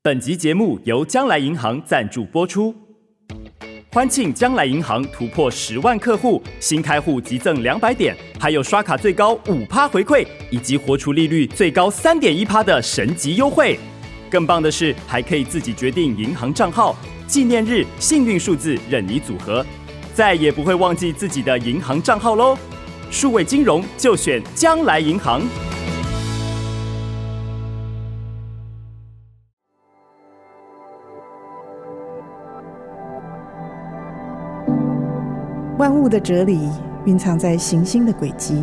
本集節目由將來銀行贊助播出。歡慶將來銀行突破十萬客戶，新開戶即贈兩百點，還有刷卡最高五趴回饋，以及活儲利率最高三點一趴的神級優惠。更棒的是，還可以自己決定銀行賬號、紀念日、幸運數字，任你組合，再也不會忘記自己的銀行賬號嘍。數位金融就選將來銀行。萬物的哲理蘊藏在行星的軌跡，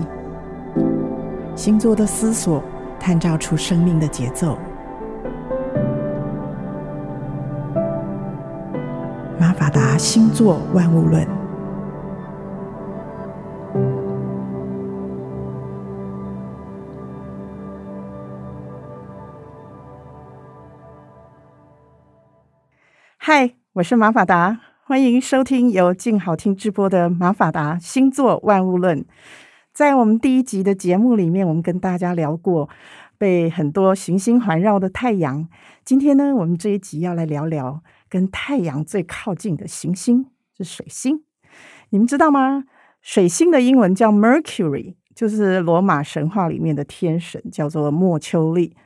星座的思索探照出生命的節奏。馬法達星座萬物論。嗨，我是馬法達。歡迎收聽由靜好聽直播的馬法達星座萬物論。在我們第一集的節目裡面，我們跟大家聊過被很多行星環繞的太陽。今天呢，我們這一集要來聊聊跟太陽最靠近的行星，是水星。你們知道嗎？水星的英文叫 Mercury，就是羅馬神話裡面的天神，叫做墨丘利。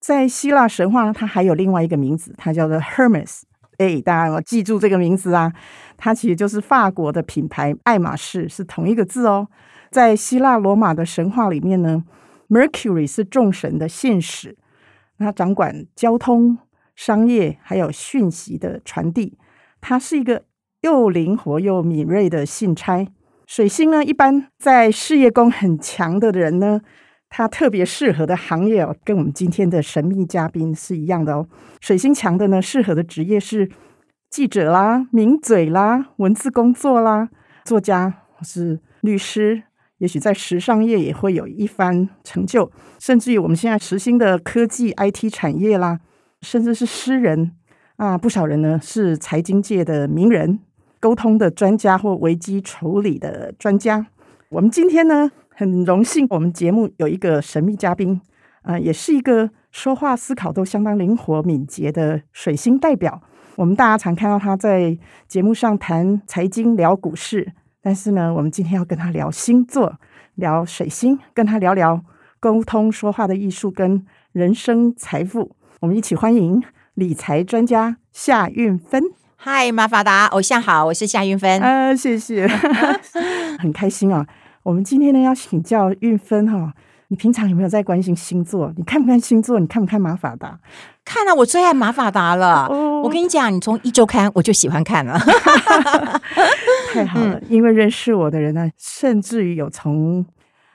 在希臘神話呢，它還有另外一個名字，它叫做 Hermes。哎，大家要記住這個名字啊！它其實就是法國的品牌愛馬仕，是同一個字哦。在希臘羅馬的神話裡面呢，Mercury 是眾神的信使，他掌管交通、商業，還有訊息的傳遞。他是一個又靈活又敏銳的信差。水星呢，一般在事業宮很強的人呢。他特別適合的行業哦，跟我們今天的神秘嘉賓是一樣的哦。水星強的呢，適合的職業是記者啦、名嘴啦、文字工作啦、作家或是律師，也許在時尚業也會有一番成就，甚至於我們現在時興的科技 IT 產業啦，甚至是詩人啊，不少人呢是財經界的名人、溝通的專家或危機處理的專家。我們今天呢？很榮幸，我們節目有一個神秘嘉賓，啊、呃，也是一個說話、思考都相當靈活敏捷的水星代表。我們大家常看到他在節目上談財經、聊股市，但是呢，我們今天要跟他聊星座，聊水星，跟他聊聊溝通說話的藝術跟人生財富。我們一起歡迎理財專家夏韻芬。嗨，瑪法達偶像好，我是夏韻芬。啊，謝謝， 很開心哦、啊。我們今天呢，要請教韻芬、哦。哈，你平常有沒有在關心星座？你看不看星座？你看不看瑪法達？看了、啊，我最愛瑪法達了、哦。我跟你講，你從一周刊我就喜歡看了。 太好了，因為認識我的人呢、啊，甚至於有從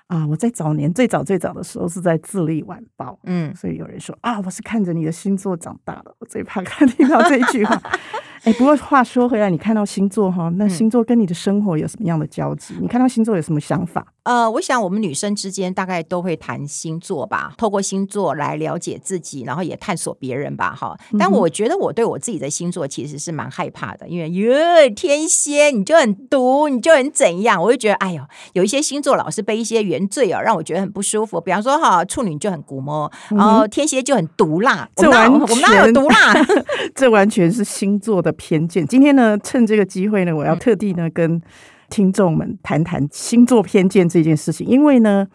啊、呃，我在早年最早最早的時候是在《自立晚報》，嗯，所以有人說啊，我是看着你的星座長大的。我最怕看到這句話。 不過話說回來，你看到星座哈？那星座跟你的生活有什麼樣的交集、嗯？你看到星座有什麼想法？呃，我想我們女生之間大概都會談星座吧，透過星座來了解自己，然後也探索別人吧，哈。但我覺得我對我自己的星座其實是蠻害怕的，因為，呃，天蠍你就很毒，你就很怎樣，我就覺得哎呦，有一些星座老是被一些原罪啊，讓我覺得很不舒服。比方說哈，處女就很龜毛，然、呃、後天蠍就很毒辣，這完全，我們哪有毒辣， 這完全是星座的。偏見。今天呢，趁這個機會呢，我要特地呢，嗯、跟聽眾們談談星座偏見這件事情。因為呢，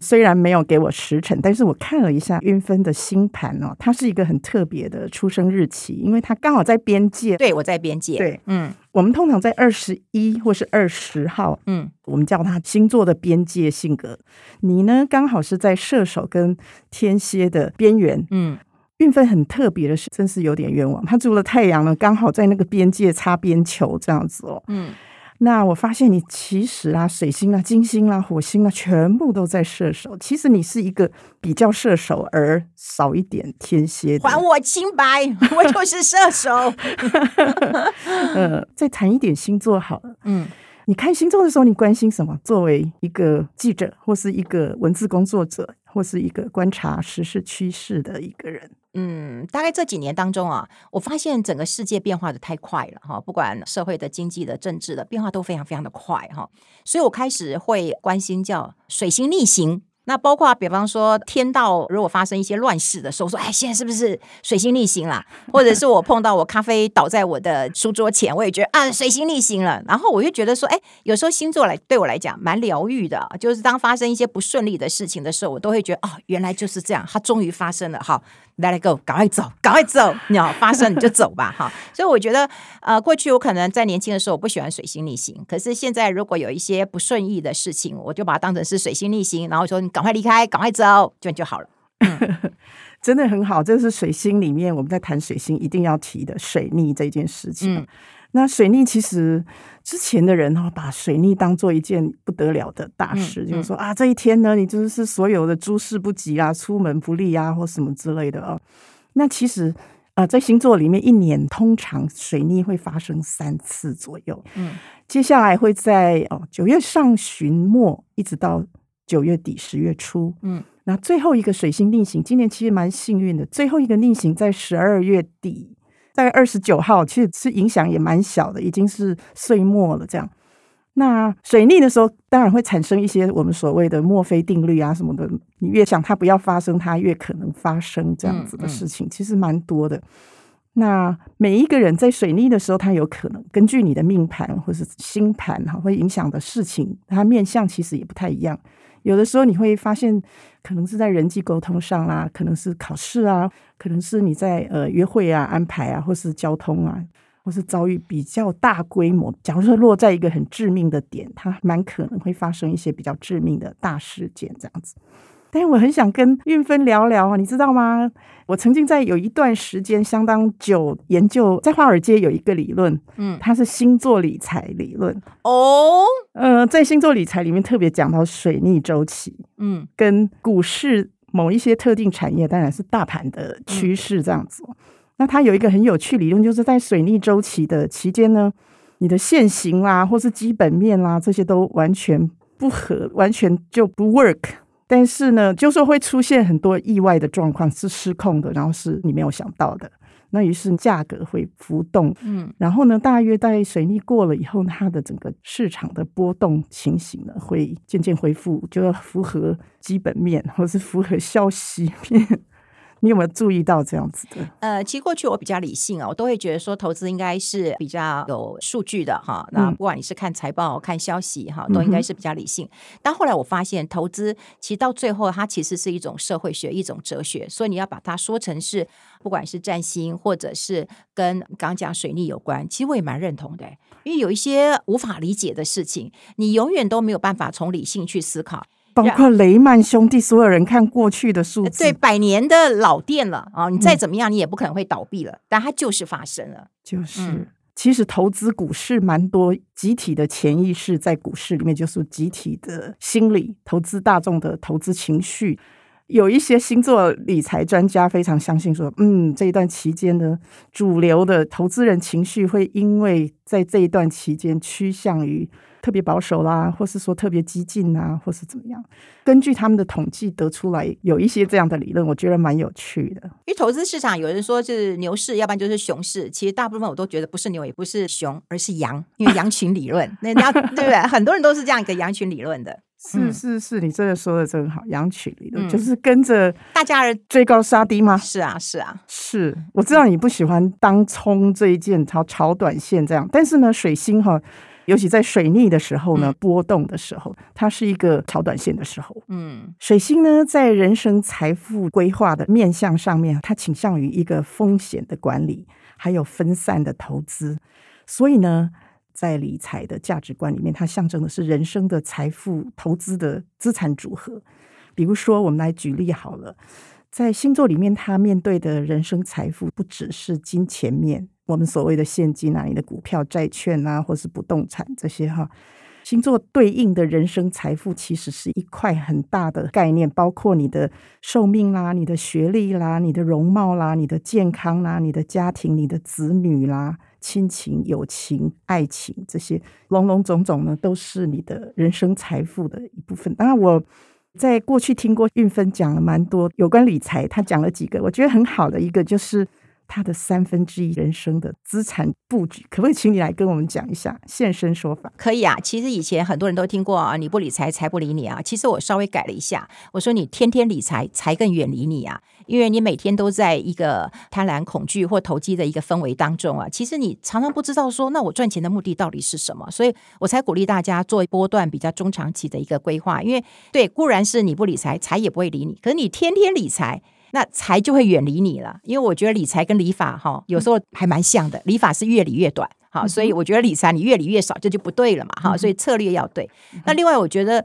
雖然沒有給我時辰，但是我看了一下韻芬的星盤哦，它,是一個很特別的出生日期，因為它,剛好在邊界。對，我在邊界。對，嗯，我們通常在二十一或是二十號，嗯，我們叫它星座的邊界性格。你呢，剛好是在射手跟天蠍的邊緣，嗯。運分很特別的是，真是有點冤枉。他住了太陽呢，剛好在那個邊界擦邊球這樣子哦。嗯，那我發現你其實啊，水星啊、金星啊、火星啊，全部都在射手。其實你是一個比較射手而少一點天蠍。還我清白，我就是射手。嗯、 呃，再談一點星座好了。嗯。你看星座的時候，你關心什麼？作為一個記者，或是一個文字工作者，或是一個觀察時事趨勢的一個人，嗯，大概這幾年當中啊，我發現整個世界變化得太快了哈，不管社會的、經濟的、政治的變化都非常非常的快哈，所以我開始會關心叫水星逆行。那包括比方說，天道如果發生一些亂世的時候，說哎，現在是不是水星逆行啦？或者是我碰到我咖啡倒在我的書桌前，我也覺得啊，水星逆行了。然後我又覺得說，哎，有時候星座來對我來講蠻療癒的，就是當發生一些不順利的事情的時候，我都會覺得哦，原來就是這樣，它終於發生了。好，Let it go，趕快走，趕快走，你要發生你就走吧，哈。所以我覺得，呃，過去我可能在年輕的時候我不喜歡水星逆行，可是現在如果有一些不順意的事情，我就把它當成是水星逆行，然後說。趕快離開，趕快走，這樣就好了。嗯、 真的很好，這是水星裡面我們在談水星一定要提的水逆這件事情。嗯、那水逆其實之前的人哈、哦，把水逆當做一件不得了的大事，嗯、就是說啊，這一天呢，你就是所有的諸事不吉啊，出門不利啊，或什麼之類的哦。那其實啊、呃，在星座裡面，一年通常水逆會發生三次左右。嗯，接下來會在哦九月上旬末一直到、嗯。九月底十月初，嗯，那最後一個水星逆行，今年其實蠻幸運的。最後一個逆行在十二月底，在二十九號，其實是影響也蠻小的，已經是歲末了。這樣，那水逆的時候，當然會產生一些我們所謂的墨菲定律啊什麼的。你越想它不要發生，它越可能發生這樣子的事情，嗯嗯、其實蠻多的。那每一個人在水逆的時候，他有可能根據你的命盤或是星盤哈，會影響的事情，它面向其實也不太一樣。有的時候你會發現，可能是在人際溝通上啦、啊，可能是考試啊，可能是你在呃約會啊、安排啊，或是交通啊，或是遭遇比較大規模。假如說落在一個很致命的點，它蠻可能會發生一些比較致命的大事件，這樣子。哎，我很想跟韻芬聊聊啊，你知道嗎？我曾經在有一段時間相當久研究，在華爾街有一個理論，嗯，它是星座理財理論哦。呃，在星座理財裡面特別講到水逆週期，嗯，跟股市某一些特定產業，當然是大盤的趨勢這樣子，嗯。那它有一個很有趣理論，就是在水逆週期的期間呢，你的線型啦，或是基本面啦，這些都完全不合，完全就不 work。但是呢，就是會出現很多意外的狀況，是失控的，然後是你沒有想到的。那於是價格會浮動，嗯，然後呢，大約在水逆過了以後，它的整個市場的波動情形呢，會漸漸恢復，就要符合基本面，或是符合消息面。你有沒有注意到這樣子的？對，呃，其實過去我比較理性啊、哦，我都會覺得說投資應該是比較有數據的哈、嗯。那不管你是看財報、看消息哈，都應該是比較理性、嗯。但後來我發現，投資其實到最後，它其實是一種社會學、一種哲學，所以你要把它說成是，不管是占星或者是跟剛講水逆有關，其實我也蠻認同的、欸。因為有一些無法理解的事情，你永遠都沒有辦法從理性去思考。包括雷曼兄弟，yeah. 所有人看過去的數字，對，百年的老店了啊、哦！你再怎麼樣，你也不可能會倒閉了、嗯，但它就是發生了，就是。嗯、其實投資股市蠻多集體的潛意識在股市裡面，就是集體的心理，投資大眾的投資情緒。有一些星座理財專家非常相信說，嗯，這一段期間的主流的投資人情緒會因為在這一段期間趨向於。特別保守啦，或是說特別激進啊，或是怎麼樣？根據他們的統計得出來有一些這樣的理論，我覺得蠻有趣的。因為投資市場有人說是牛市，要不然就是熊市。其實大部分我都覺得不是牛，也不是熊，而是羊。因為羊群理論， 那大家對不對？ 很多人都是這樣一個羊群理論的。是是是,是，你真的說的真好。羊群理論、嗯、就是跟着大家追高殺低嗎、嗯？是啊是啊。是，我知道你不喜歡當沖這一件炒炒短線這樣，但是呢，水星哈。尤其在水逆的時候呢，波動的時候，嗯、它是一個超短線的時候。嗯，水星呢，在人生財富規劃的面向上面，它傾向於一個風險的管理，還有分散的投資。所以呢，在理財的價值觀裡面，它象徵的是人生的財富投資的資產組合。比如說，我們來舉例好了，在星座裡面，他面對的人生財富不只是金錢面。我們所謂的現金吶、啊，你的股票、債券吶、啊，或是不動產這些哈、啊，星座對應的人生財富其實是一塊很大的概念，包括你的壽命啦、啊、你的學歷啦、啊、你的容貌啦、啊、你的健康啦、啊、你的家庭、你的子女啦、啊、親情、友情、愛情這些，龍龍種種呢，都是你的人生財富的一部分。當然，我在過去聽過韻芬講了蠻多有關理財，她講了幾個，我覺得很好的一個就是。他的三分之一人生的資產布局，可不可以請你來跟我們講一下現身說法？可以啊，其實以前很多人都聽過啊，你不理財，財不理你啊。其實我稍微改了一下，我說你天天理財，財更遠離你啊，因為你每天都在一個貪婪、恐懼或投機的一個氛圍當中啊。其實你常常不知道說，那我賺錢的目的到底是什麼？所以我才鼓勵大家做一波段比較中長期的一個規劃，因為對，固然是你不理財，財也不會理你，可是你天天理財，那財就會遠離你了，因為我覺得理財跟理髮哈、哦，有時候還蠻像的。理髮是越理越短，哈、哦，所以我覺得理財你越理越少，這就不對了嘛，哈、哦。所以策略要對。那另外我覺得，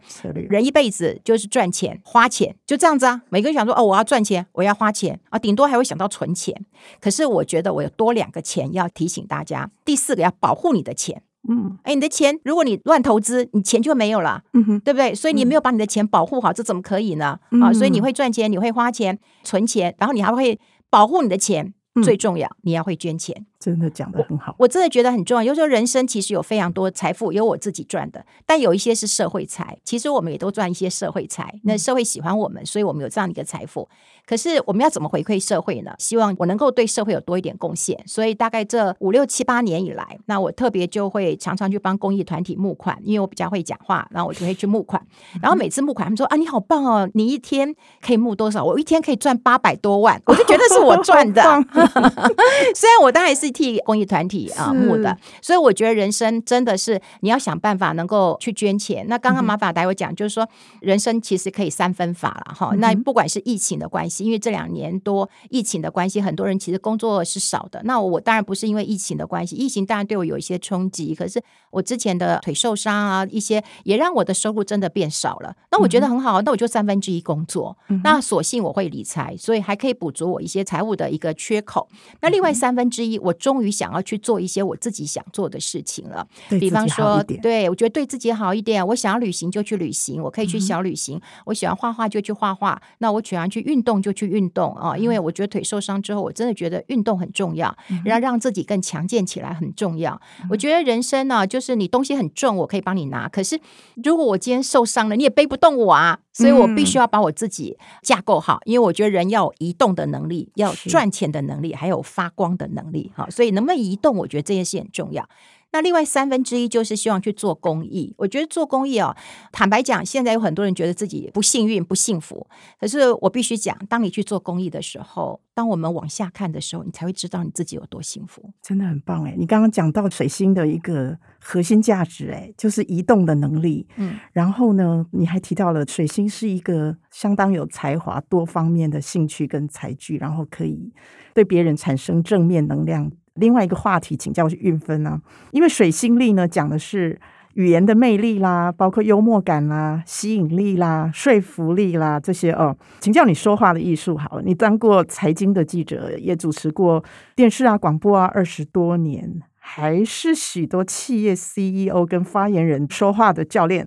人一輩子就是賺錢、花錢，就這樣子啊。每個人想說哦，我要賺錢，我要花錢啊，頂多還會想到存錢。可是我覺得我有多兩個錢，要提醒大家，第四個要保護你的錢。嗯，哎、欸，你的錢，如果你亂投資，你錢就沒有了，嗯哼，對不對？所以你沒有把你的錢保護好，嗯、這怎麼可以呢、嗯？啊，所以你會賺錢，你會花錢，存錢，然後你還會保護你的錢，嗯、最重要，你要會捐錢。真的講得很好。我，我真的覺得很重要。有時候人生其實有非常多財富，有我自己賺的，但有一些是社會財。其實我們也都賺一些社會財。那社會喜歡我們，所以我們有這樣的一個財富。嗯。可是我們要怎麼回饋社會呢？希望我能夠對社會有多一點貢獻。所以大概這五六七八年以來，那我特別就會常常去幫公益團體募款，因為我比較會講話，然後我就會去募款。嗯。然後每次募款，他們說啊，你好棒哦，你一天可以募多少？我一天可以賺八百多萬，我就覺得是我賺的。 雖然我當然是。替公益團體啊、呃、募的，所以我覺得人生真的是你要想辦法能夠去捐錢。那剛剛馬法達有講、嗯，就是說人生其實可以三分法了哈。那不管是疫情的關係，因為這兩年多疫情的關係，很多人其實工作是少的。那我當然不是因為疫情的關係，疫情當然對我有一些衝擊。可是我之前的腿受傷啊，一些也讓我的收入真的變少了。那我覺得很好，嗯、那我就三分之一工作、嗯，那所幸我會理財，所以還可以補足我一些財務的一個缺口。那另外三分之一、嗯、我。終於想要去做一些我自己想做的事情了，比方說，對我覺得對自己好一點。我想要旅行就去旅行，我可以去小旅行，嗯。我喜歡畫畫就去畫畫，那我喜歡去運動就去運動啊。嗯、因為我覺得腿受傷之後，我真的覺得運動很重要，嗯、然後讓自己更強健起來很重要。嗯、我覺得人生呢、啊，就是你東西很重，我可以幫你拿。可是如果我今天受傷了，你也背不動我啊。所以，我必須要把我自己架構好，嗯、因為我覺得人要移動的能力，要賺錢的能力，還有發光的能力哈。所以，能不能移動，我覺得這些事很重要。那另外三分之一就是希望去做公益。我覺得做公益哦，坦白講，現在有很多人覺得自己不幸運、不幸福。可是我必須講，當你去做公益的時候，當我們往下看的時候，你才會知道你自己有多幸福。真的很棒誒！你剛剛講到水星的一個核心價值，誒，就是移動的能力。嗯，然後呢，你還提到了水星是一個相當有才華、多方面的興趣跟才具，然後可以對別人產生正面能量。另外一個話題，請教我夏韻芬啊，因為水星力呢，講的是語言的魅力啦，包括幽默感啦、吸引力啦、說服力啦這些哦。請教你說話的藝術，好，你當過財經的記者，也主持過電視啊、廣播啊二十多年，還是許多企業 CEO 跟發言人說話的教練。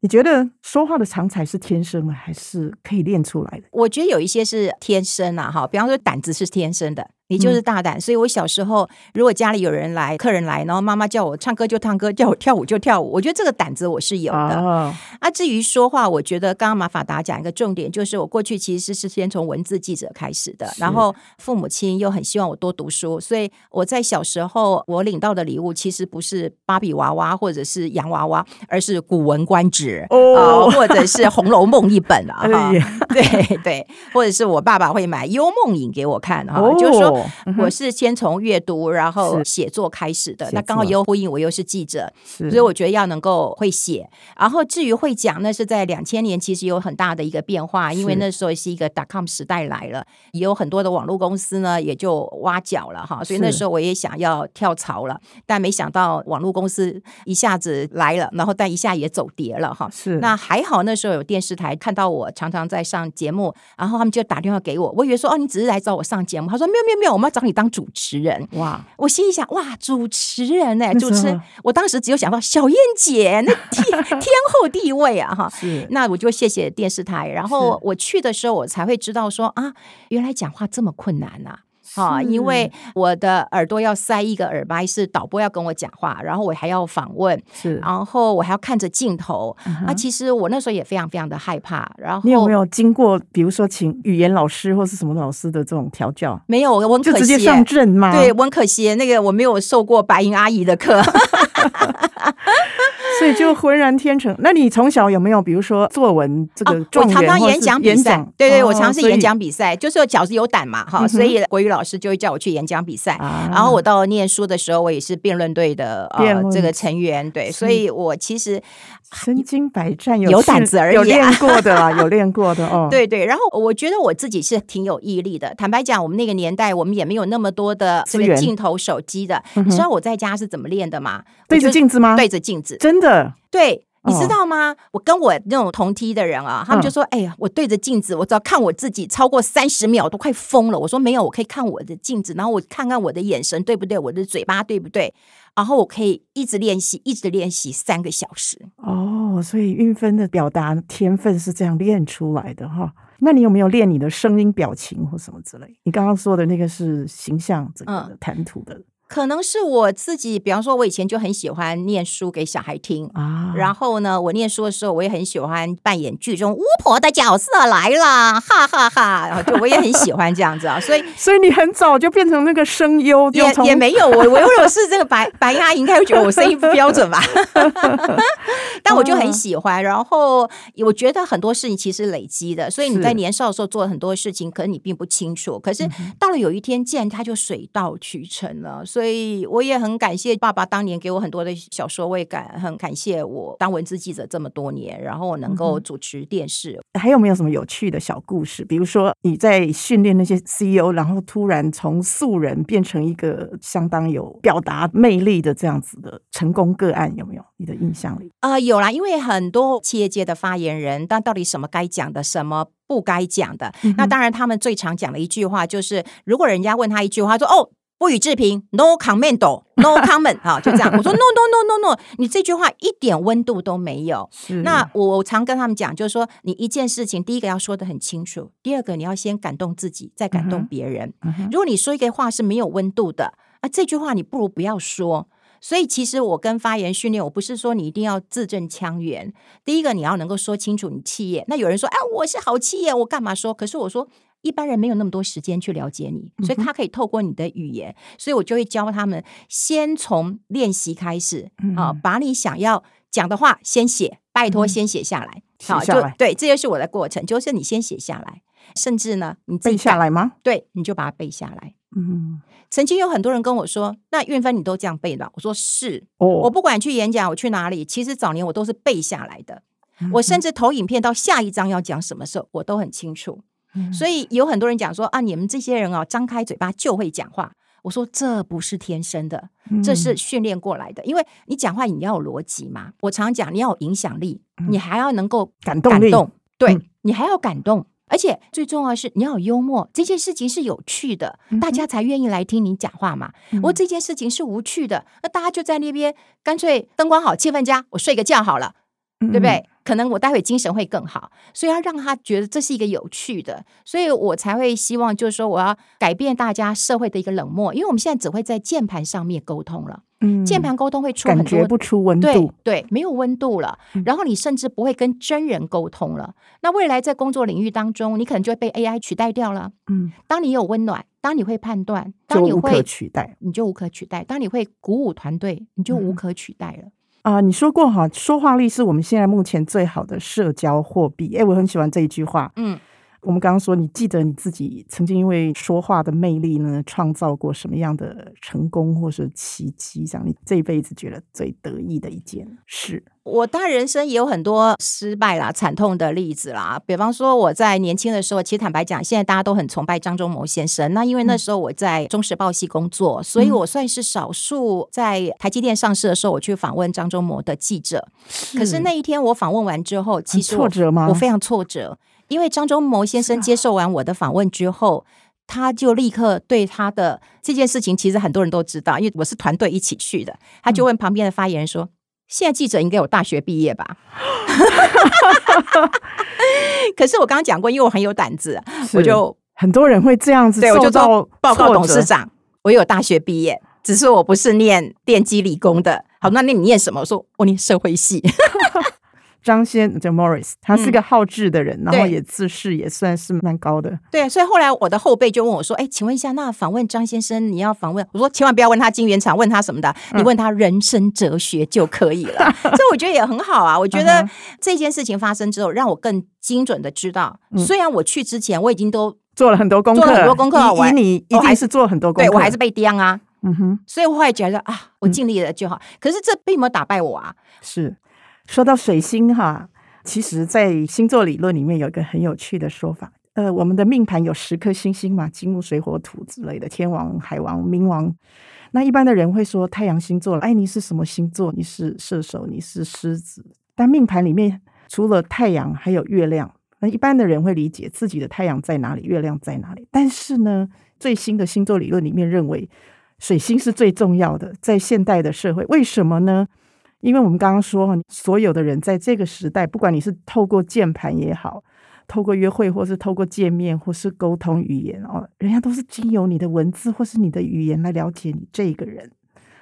你覺得說話的長才是天生的，還是可以練出來的？我覺得有一些是天生啊，哈，比方說膽子是天生的。你就是大膽、嗯，所以我小時候如果家裡有人來、客人來，然後媽媽叫我唱歌就唱歌，叫我跳舞就跳舞。我覺得這個膽子我是有的啊，啊。至於說話，我覺得剛剛馬法達講一個重點，就是我過去其實是先從文字記者開始的，然後父母親又很希望我多讀書，所以我在小時候我領到的禮物其實不是芭比娃娃或者是洋娃娃，而是《古文觀止》啊、哦呃，或者是《紅樓夢》一本啊，哈、 哎，對對，或者是我爸爸會買《幽夢影》給我看啊、哦，就是說。嗯、我是先從閱讀，然後寫作開始的。那剛好又呼應我又是記者，所以我覺得要能夠會寫。然後至於會講，那是在兩千年，其實有很大的一個變化，因為那時候是一個 dotcom 時代來了，也有很多的網絡公司呢，也就挖角了哈。所以那時候我也想要跳槽了，但沒想到網絡公司一下子來了，然後但一下也走跌了哈。是。那還好，那時候有電視台看到我常常在上節目，然後他們就打電話給我，我以為說哦，你只是來找我上節目，他說沒有沒有沒有。我們要找你當主持人哇！我心裡想哇，主持人呢、欸？主持人！我當時只有想到小燕姐，那 天后地位啊哈！ 那我就謝謝電視台。然後我去的時候，我才會知道說啊，原來講話這麼困難吶、啊。好，因為我的耳朵要塞一個耳麥，是導播要跟我講話，然後我還要訪問，是，然後我還要看着鏡頭。嗯、啊，其實我那時候也非常非常的害怕。然後你有沒有經過，比如說請語言老師或是什麼老師的這種調教？沒有，我就直接上陣嘛。對，文可惜那個我沒有受過白銀阿姨的課。 所以就渾然天成。那你從小有沒有，比如說作文這個狀元、啊、我常常演講比賽？對對，哦、我嘗試演講比賽，哦、就是我小子有膽嘛哈、嗯。所以，所以國語老師就會叫我去演講比賽、嗯。然後我到念書的時候，我也是辯論隊的啊、呃、這個成員。對，所以，所以我其實身經百戰有，有膽子而已、啊，有練過的 有練過的哦。對對，然後我覺得我自己是挺有毅力的。坦白講，我們那個年代，我們也沒有那麼多的這個鏡頭、手機的、嗯。你知道我在家是怎麼練的嗎？嗯、對着鏡子嗎？對着鏡子，真的。對，你知道嗎、哦？我跟我那種同梯的人啊，他們就說：“嗯、哎呀，我對着鏡子，我只要看我自己超過三十秒，都快瘋了。”我說：“沒有，我可以看我的鏡子，然後我看看我的眼神對不對，我的嘴巴對不對，然後我可以一直練習，一直練習三個小時。”哦，所以韻芬的表達天分是這樣練出來的哈。那你有沒有練你的聲音、表情或什麼之類？你剛剛說的那個是形象這個談吐的。嗯可能是我自己，比方說，我以前就很喜歡念書給小孩聽啊。然後呢，我念書的時候，我也很喜歡扮演劇中巫婆的角色來了，哈哈哈，哈。然後就我也很喜歡這樣子啊。 所以，所以你很早就變成那個聲優，就從也也沒有我，我如果是這個白 白阿姨，應該會覺得我聲音不標準吧？ 但我就很喜歡。 然後我覺得很多事情其實累積的，所以你在年少的時候做了很多事情，可能你並不清楚。可是到了有一天，嗯、既然它就水到渠成了。所以我也很感謝爸爸當年給我很多的小說，我也感很感謝我當文字記者這麼多年，然後我能夠主持電視。嗯。還有沒有什麼有趣的小故事？比如說你在訓練那些 CEO，然後突然從素人變成一個相當有表達魅力的這樣子的成功個案，有沒有？你的印象裡？呃，有啦，因為很多企業界的發言人，但到底什麼該講的，什麼不該講的？嗯。那當然，他們最常講的一句話就是，如果人家問他一句話，說哦。不予置評，no comment，no comment，好 no comment, 啊，就這樣。我說 no，no，no，no，no，no, no, no, no, 你這句話一點溫度都沒有。那我，我常跟他們講，就是說，你一件事情，第一個要說得很清楚，第二個你要先感動自己，再感動別人，嗯嗯。如果你說一個話是沒有溫度的，啊，這句話你不如不要說。所以其實我跟發言訓練，我不是說你一定要字正腔圓，第一個你要能夠說清楚你企業。那有人說，哎，呃，我是好企業，我幹嘛說？可是我說。一般人沒有那麼多時間去了解你，所以他可以透過你的語言，嗯、所以我就會教他們先從練習開始、嗯、把你想要講的話先寫，拜托先寫下來，嗯、下來好，就對，這就是我的過程，就是你先寫下來，甚至呢，你背下來嗎？對，你就把它背下來。嗯，曾經有很多人跟我說，那韻芬你都這樣背了？我說是、哦，我不管去演講，我去哪裡，其實早年我都是背下來的，嗯、我甚至投影片到下一張要講什麼時候，我都很清楚。嗯、所以有很多人講說啊，你們這些人啊、哦，張開嘴巴就會講話。我說這不是天生的，這是訓練過來的。嗯、因為你講話你要有邏輯嘛。我常常講你要有影響力，嗯，你還要能夠感動，感動對、嗯、你還要感動。而且最重要的是你要有幽默，這件事情是有趣的，嗯、大家才願意來聽你講話嘛。我、嗯、這件事情是無趣的，那大家就在那邊乾脆燈光好氣氛佳，我睡個覺好了，嗯、對不對？嗯可能我待會精神會更好，所以要讓他覺得這是一個有趣的，所以我才會希望，就是說我要改變大家社會的一個冷漠，因為我們現在只會在鍵盤上面溝通了，嗯，鍵盤溝通會出很多感覺不出溫度，對，對，沒有溫度了，嗯，然後你甚至不會跟真人溝通了。那未來在工作領域當中，你可能就會被 AI 取代掉了。嗯，當你有溫暖，當你會判斷，當你會取代，你就無可取代；當你會鼓舞團隊，你就無可取代了。嗯啊、呃，你說過哈，說話力是我們現在目前最好的社交貨幣。哎，我很喜歡這一句話。嗯。我們剛剛說，你記得你自己曾經因為說話的魅力呢，創造過什麼樣的成功或是奇蹟？這樣，你這輩子覺得最得意的一件事？我當然人生也有很多失敗啦、慘痛的例子啦。比方說，我在年輕的時候，其實坦白講，現在大家都很崇拜張忠謀先生。那因為那時候我在中時報系工作，嗯，所以我算是少數在台積電上市的時候，我去訪問張忠謀的記者。是。可是那一天我訪問完之後，其實我挫折嗎？我非常挫折。因為張忠謀先生接受完我的訪問之後，啊、他就立刻對他的這件事情，其實很多人都知道，因為我是團隊一起去的。他就問旁邊的發言人說：“嗯、現在記者應該有大學畢業吧？” 可是我剛剛講過，因為我很有膽子，我就很多人會這樣子對，我就到報告董事長，我有大學畢業，只是我不是念電機理工的。好，那那你念什麼？我說我念社會系。 張先生，叫 Morris，他是個好智的人，嗯，然後也自視也算是蠻高的。對，所以後來我的後輩就問我說：“哎，請問一下，那訪問張先生，你要訪問？”我說：“千萬不要問他晶圓廠，問他什麼的，你問他人生哲學就可以了。嗯”這我覺得也很好啊。我覺得這件事情發生之後，讓我更精準的知道，嗯，雖然我去之前我已經都做了很多功課，做了很多功課，以以你我你一定是做很多功課，對我還是被釘啊。嗯哼，所以我後來覺得啊，我盡力了就好。可是這並沒有打敗我啊。是。說到水星哈，其實，在星座理論裡面有一個很有趣的說法。呃，我們的命盤有十顆星星嘛，金木水火土之類的，天王、海王、冥王。那一般的人會說太陽星座了，哎，你是什麼星座？你是射手，你是獅子。但命盤裡面除了太陽，還有月亮。那一般的人會理解自己的太陽在哪裡，月亮在哪裡。但是呢，最新的星座理論裡面認為，水星是最重要的。在現代的社會，為什麼呢？因為我們剛剛說，所有的人在這個時代，不管你是透過鍵盤也好，透過約會，或是透過見面，或是溝通語言哦，人家都是經由你的文字，或是你的語言來了解你這個人，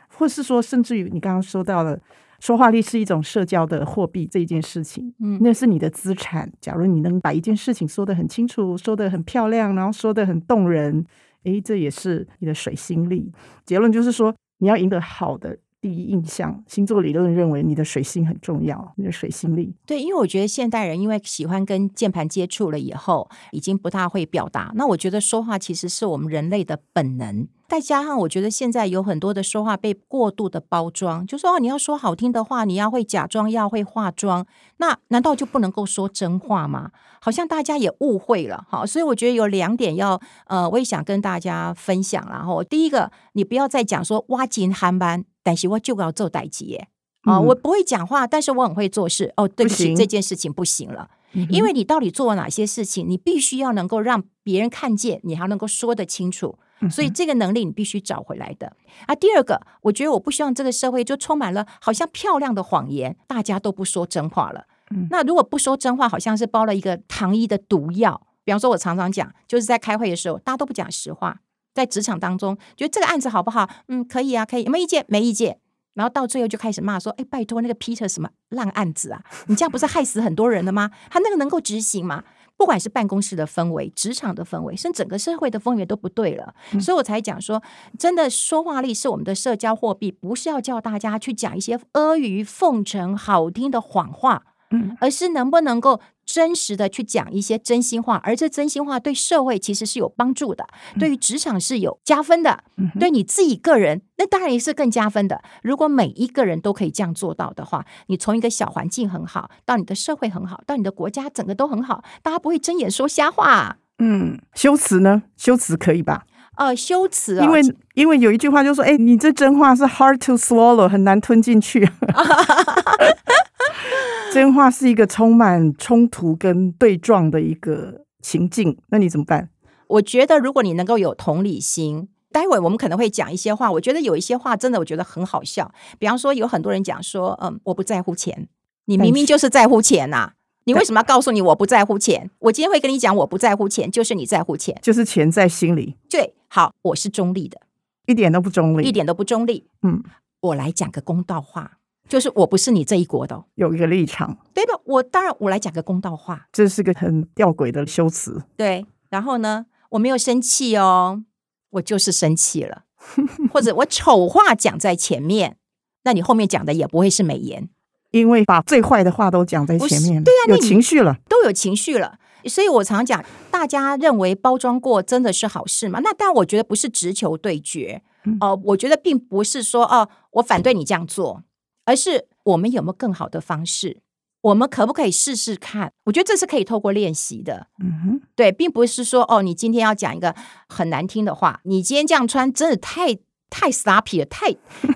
或是說，甚至於你剛剛說到的，說話力是一種社交的貨幣，這件事情，嗯，那是你的資產。假如你能把一件事情說得很清楚，說得很漂亮，然後說得很動人，誒，這也是你的水星力。結論就是說，你要贏得好的。第一印象，星座理論認為你的水星很重要，你的水星力。對，因為我覺得現代人因為喜歡跟鍵盤接觸了以後，已經不大會表達。那我覺得說話其實是我們人類的本能，再加上我覺得現在有很多的說話被過度的包裝，就說、是、哦，你要說好聽的話，你要會假裝，要會化妝，那難道就不能夠說真話嗎？好像大家也誤會了，好，所以我覺得有兩點要呃，我也想跟大家分享，然後，哦，第一個，你不要再講說挖金憨班。但是，我就要做代誌耶！我不會講話，但是我很會做事。嗯、哦，對不起不，這件事情不行了，嗯，因為你到底做了哪些事情？你必須要能夠讓別人看見，你還能夠說得清楚，所以這個能力你必須找回來的。嗯、啊，第二個，我覺得我不希望這個社會就充滿了好像漂亮的謊言，大家都不說真話了。嗯、那如果不說真話，好像是包了一個糖衣的毒藥。比方說，我常常講，就是在開會的時候，大家都不講實話。在職場當中，覺得這個案子好不好？嗯，可以啊，可以。有沒有意見？沒意見。然後到最後就開始罵說：“哎、欸，拜託那個 Peter 什麼爛案子啊！你這樣不是害死很多人了嗎？ 他那個能夠執行嗎？不管是辦公室的氛圍、職場的氛圍，甚至整個社會的氛圍都不對了。嗯、所以我才講說，真的說話力是我們的社交貨幣，不是要叫大家去講一些阿諛奉承、好聽的謊話。”嗯，而是能不能夠真實的去講一些真心話，而這真心話對社會其實是有幫助的，嗯、對於職場是有加分的，嗯、對你自己個人那當然也是更加分的。如果每一個人都可以這樣做到的話，你從一個小環境很好，到你的社會很好，到你的國家整個都很好，大家不會睜眼說瞎話。嗯，修辭呢？修辭可以吧？呃，修辭啊，因為因為有一句話就說：“哎，你這真話是 hard to swallow，很難吞進去。 ”真話是一個充滿衝突跟對撞的一個情境，那你怎麼辦？我覺得如果你能夠有同理心，待會我們可能會講一些話。我覺得有一些話真的，我覺得很好笑。比方說，有很多人講說：“嗯，我不在乎錢。”你明明就是在乎錢吶、啊！你為什麼要告訴你我不在乎錢？我今天會跟你講我不在乎錢，就是你在乎錢，就是錢在心裡。對。好，我是中立的，一點都不中立，一點都不中立。嗯，我來講個公道話，就是我不是你這一國的哦，有一個立場。對吧？我當然我來講個公道話，這是個很吊詭的修辭。對，然後呢，我沒有生氣哦，我就是生氣了， 或者我醜話講在前面，那你後面講的也不會是美言，因為把最壞的話都講在前面。對呀、啊，有情緒了，都有情緒了。所以我常講，大家認為包裝過真的是好事嗎？那但我覺得不是直球對決。哦、呃，我覺得並不是說哦，我反對你這樣做，而是我們有沒有更好的方式？我們可不可以試試看？我覺得這是可以透過練習的。嗯哼，對，並不是說哦，你今天要講一個很難聽的話，你今天這樣穿真的太太 sloppy 了，太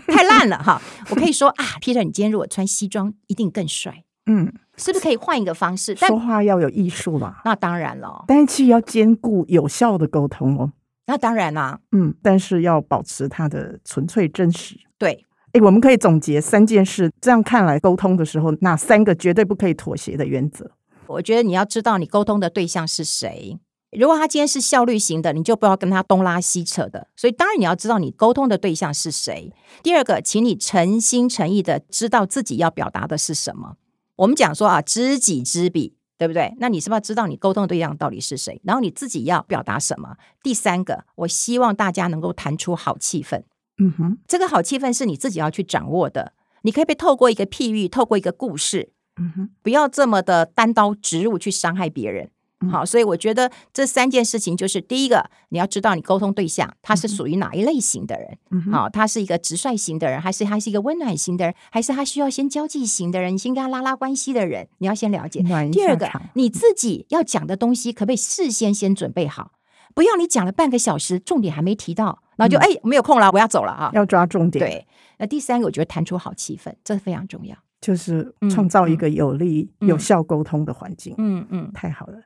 太爛了 哈。我可以說啊，Peter，你今天如果穿西裝，一定更帥。嗯，是不是可以換一個方式說,但說話要有藝術嘛？那當然了、哦，但是其實要兼顧有效的溝通哦。那當然啦，嗯，但是要保持它的純粹真實。對，誒、欸，我們可以總結三件事。這樣看來，溝通的時候哪三個絕對不可以妥協的原則？我覺得你要知道你溝通的對象是誰。如果他今天是效率型的，你就不要跟他東拉西扯的。所以，當然你要知道你溝通的對象是誰。第二個，請你誠心誠意的知道自己要表達的是什麼。我們講說啊，知己知彼，對不對？那你是不是要知道你溝通的對象到底是誰？然後你自己要表達什麼？第三個，我希望大家能夠談出好氣氛。嗯哼，這個好氣氛是你自己要去掌握的。你可以被透過一個譬喻，透過一個故事。嗯哼，不要這麼的單刀直入去傷害別人。嗯、好，所以我覺得這三件事情就是：第一個，你要知道你溝通對象他是屬於哪一類型的人，好、嗯哦，他是一個直率型的人，還是他是一個溫暖型的人，還是他需要先交際型的人，你先跟他拉拉關係的人，你要先了解。第二個，你自己要講的東西可不可以事先先準備好？不要你講了半個小時，嗯、重點還沒提到，那就哎沒有空了，我要走了啊！要抓重點。對，那第三個，我覺得談出好氣氛，這非常重要。就是創造一個有利、嗯嗯、有效溝通的環境。嗯嗯，太好了。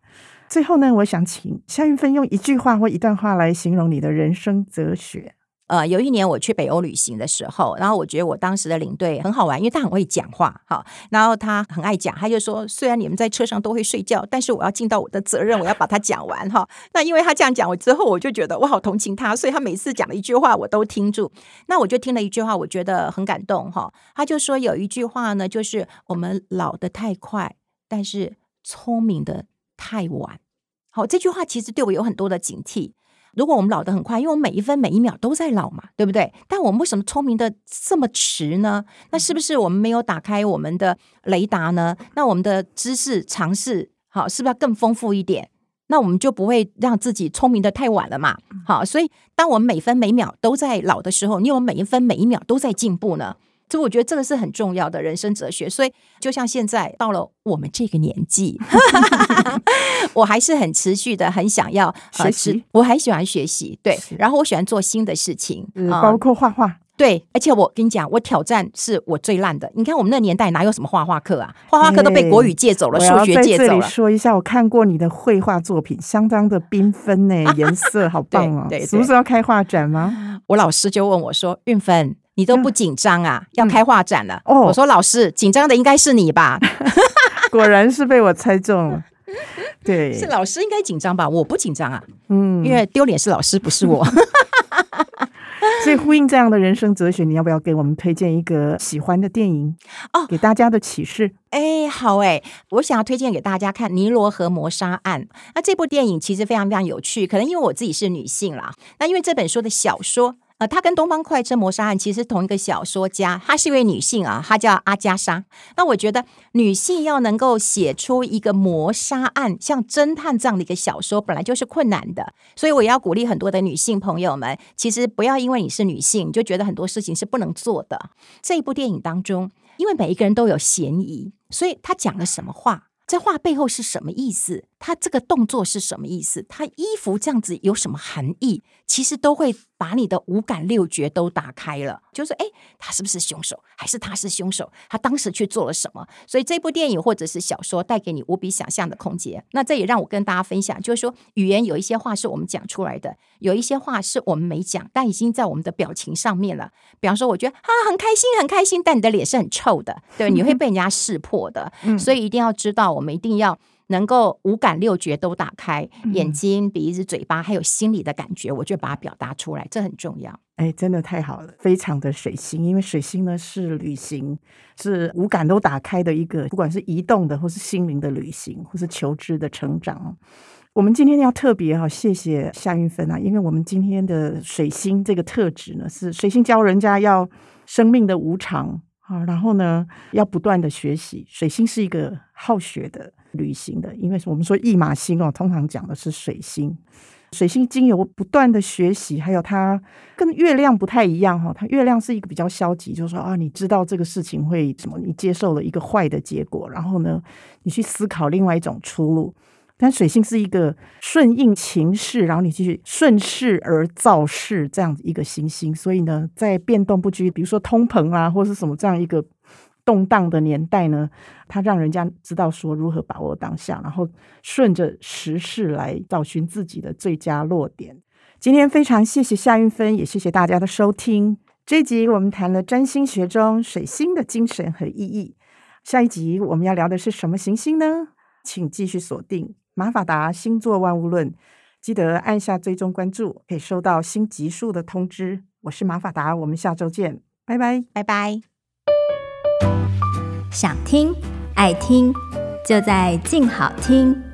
最後呢，我想請夏韻芬用一句話或一段話來形容你的人生哲學。呃，有一年我去北歐旅行的時候，然後我覺得我當時的領隊很好玩，因為他很會講話哈。然後他很愛講，他就說：“雖然你們在車上都會睡覺，但是我要盡到我的責任，我要把它講完哈。”那因為他這樣講，我之後我就覺得我好同情他，所以他每次講的一句話我都聽住。那我就聽了一句話，我覺得很感動哈。他就說有一句話呢，就是我們老得太快，但是聰明得太晚。好，這句話其實對我有很多的警惕。如果我們老得很快，因為我們每一分每一秒都在老嘛，對不對？但我們為什麼聰明的這麼遲呢？那是不是我們沒有打開我們的雷達呢？那我們的知識、嘗試，好，是不是要更豐富一點？那我們就不會讓自己聰明的太晚了嘛？好，所以當我們每分每秒都在老的時候，你有每一分每一秒都在進步呢？所以我覺得這個是很重要的人生哲學。所以就像現在到了我們這個年紀， 我還是很持續的很想要學習。呃、我還喜歡學習，對。然後我喜歡做新的事情，嗯、包括畫畫。對，而且我跟你講，我挑戰是我最爛的。你看我們那年代哪有什麼畫畫課啊？畫畫課都被國語借走了，欸、數學借走了。說一下，我看過你的繪畫作品，相當的繽紛呢？ 顏色好棒哦。 對對對，是不是要開畫展嗎？我老師就問我說：“韻芬。”你都不緊張啊？嗯、要開畫展了哦、嗯！我說、哦、老師，緊張的應該是你吧？果然是被我猜中了。 對，是老師應該緊張吧？我不緊張啊，嗯，因為丟臉是老師，不是我。 所以呼應這樣的人生哲學，你要不要給我們推薦一個喜歡的電影哦？給大家的啟示。哎、欸，好誒、欸，我想要推薦給大家看《尼羅河謀殺案》。那這部電影其實非常非常有趣，可能因為我自己是女性啦。那因為這本書的小說。呃，她跟《東方快車謀殺案》其實同一個小說家，她是一位女性啊，她叫阿加莎。那我覺得女性要能夠寫出一個謀殺案像偵探這樣的一個小說，本來就是困難的。所以我要鼓勵很多的女性朋友們，其實不要因為你是女性，你就覺得很多事情是不能做的。這一部電影當中，因為每一個人都有嫌疑，所以他講了什麼話？這話背後是什麼意思？他這個動作是什麼意思？他衣服這樣子有什麼含義？其實都會把你的五感六覺都打開了。就是說，哎，他是不是兇手？還是他是兇手？他當時去做了什麼？所以，這部電影或者是小說帶給你無比想象的空間。那這也讓我跟大家分享，就是說，語言有一些話是我們講出來的，有一些話是我們沒講，但已經在我們的表情上面了。比方說，我覺得啊，很開心，很開心，但你的臉是很臭的，對，你會被人家識破的。 所以，一定要知道，我們一定要。能夠五感六覺都打開，眼睛、鼻子、嘴巴，還有心裡的感覺，我就把它表達出來，這很重要。哎、欸，真的太好了，非常的水星，因為水星呢是旅行，是五感都打開的一個，不管是移動的，或是心靈的旅行，或是求知的成長。我們今天要特別哈、啊，謝謝夏韻芬啊，因為我們今天的水星這個特質呢，是水星教人家要生命的無常。啊，然後呢，要不斷的學習。水星是一個好學的、旅行的，因為我們說驛馬星哦，通常講的是水星。水星經由不斷的學習，還有它跟月亮不太一樣哈，它月亮是一個比較消極，就是說啊，你知道這個事情會怎麼，你接受了一個壞的結果，然後呢，你去思考另外一種出路。但水星是一個順應情勢，然後你繼續順勢而造勢這樣一個行星、星，所以呢，在變動不居，比如說通膨啊，或是什麼這樣一個動盪的年代呢，它讓人家知道說如何把握當下，然後順着時勢來找尋自己的最佳落點。今天非常謝謝夏韻芬，也謝謝大家的收聽。這一集我們談了占星學中水星的精神和意義。下一集我們要聊的是什麼行星呢？請繼續鎖定。馬法達星座萬物論，記得按下追蹤關注，可以收到新集數的通知。我是馬法達，我們下周見，拜拜，拜拜。想聽愛聽，就在靜好聽。